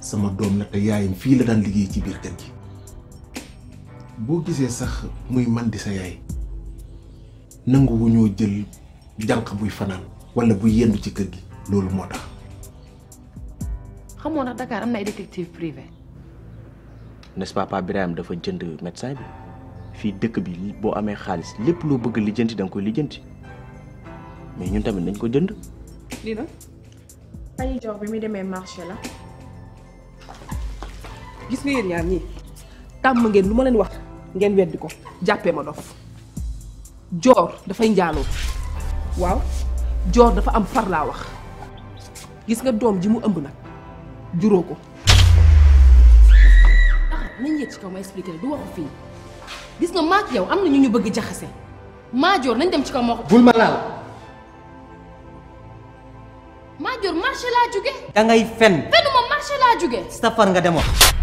sama doom la te yaayam fii la daan liggéey ci biir kër gi boo gisee sax muy man di sa yaay nangu wu ñoo jël jànq buy fanaan wala bu yendu ci kër gi loolu moo tax. xamoo ndax Dakar am na ay détective privé. n'est-ce pas dafa jënd médecin bi fii dëkk bi boo amee xaalis lépp loo bëgg lijjanti da nga koy lijjanti mais ñun tamit nañ ko jënd. lii la. jox bi muy demee marché la. gis nga yéen ñaar ñii tàmm ngeen lu ma leen wax ngeen weddi ko jàppee ma dof joor dafay njaaloo waaw joor dafa am far laa wax gis nga doom ji mu ëmb nag juróo ko ah, nañ yëg ci kaw ma expliqué du waxu fii gis nga maak yow am na ñu ñu bëgg jaxase maajoor nañ dem ci kaw ma wax bul ma laal maajoor marché laa jóge da fen fenuma marché laa jóge safar nga demoon